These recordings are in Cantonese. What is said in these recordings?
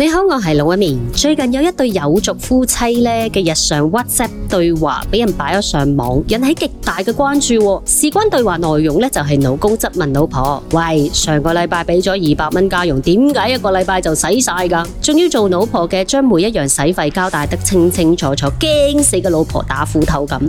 你好，我係龍紋敏。最近有一對有族夫妻咧嘅日常 WhatsApp 對話俾人擺咗上網，引起極大嘅關注。事關對話內容咧，就係老公質問老婆：喂，上個禮拜俾咗二百蚊家用，點解一個禮拜就使晒噶？仲要做老婆嘅將每一樣使費交代得清清楚楚，驚死個老婆打斧頭咁。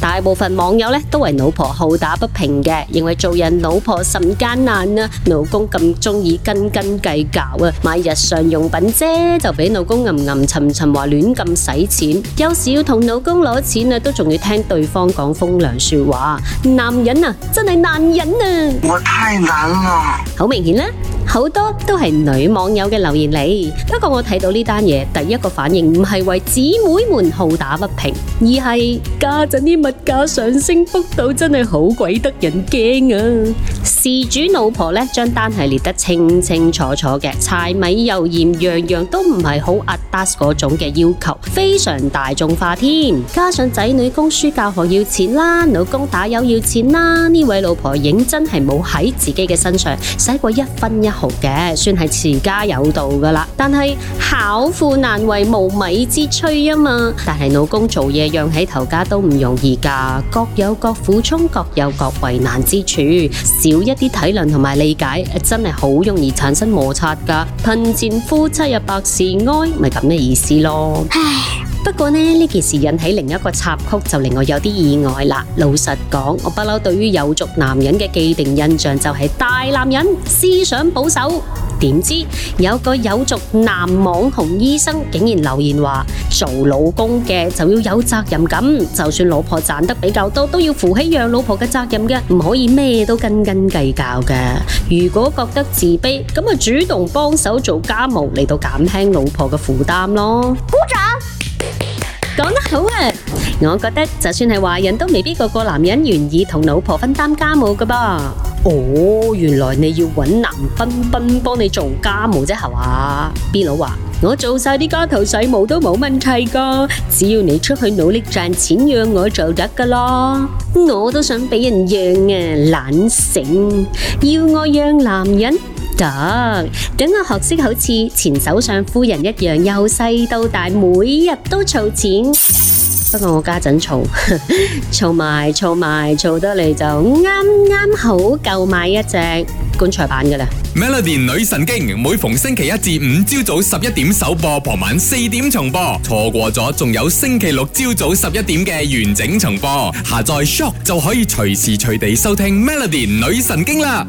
大部分網友咧都為老婆好打不平嘅，認為做人老婆甚艱難啊，老公咁中意斤斤計較啊，買日常。用品啫，就俾老公吟吟沉沉話亂咁使錢，有時要同老公攞錢啊，都仲要聽對方講風涼說話，男人啊，真係難人啊，我太難了啦，好明顯啦。好多都係女網友嘅留言嚟，不過我睇到呢單嘢，第一個反應唔係為姊妹們好打不平，而係家陣啲物價上升幅度真係好鬼得人驚啊！事主老婆呢，將單係列得清清楚楚嘅，柴米油鹽樣樣都唔係好 adust 嗰種嘅要求，非常大眾化添。加上仔女供書教學要錢啦，老公打油要錢啦，呢位老婆認真係冇喺自己嘅身上使過一分一。好嘅，算係持家有道噶啦。但係巧婦難為無米之炊啊嘛。但係老公做嘢養起頭家都唔容易噶，各有各苦衷，各有各為難之處。少一啲體諒同埋理解，真係好容易產生摩擦噶。貧賤夫妻有百事哀，咪咁嘅意思咯。唉。不過呢，呢件事引起另一個插曲就令我有啲意外啦。老實講，我不嬲對於有族男人嘅既定印象就係大男人思想保守。點知有個有族男網紅醫生竟然留言話：做老公嘅就要有責任感，就算老婆賺得比較多，都要負起養老婆嘅責任嘅，唔可以咩都斤斤計較嘅。如果覺得自卑，咁咪主動幫手做家務嚟到減輕老婆嘅負擔咯。鼓掌。講得好啊！我覺得就算係華人都未必個個男人願意同老婆分擔家務噶噃。哦，原來你要揾男賓賓幫你做家務啫係嘛？B 佬話我做晒啲家頭洗務都冇問題噶，只要你出去努力賺錢養我就得噶咯。我都想俾人養啊，懶醒要我養男人？得，等、嗯、我學識好似前首相夫人一樣，由細到大每日都儲錢。不過我家陣儲，儲埋儲埋，儲得嚟就啱啱好夠買一隻棺材板噶啦。Melody 女神經，每逢星期一至五朝早十一點首播，傍晚四點重播。錯過咗，仲有星期六朝早十一點嘅完整重播。下載 shop 就可以隨時隨地收聽 Melody 女神經啦。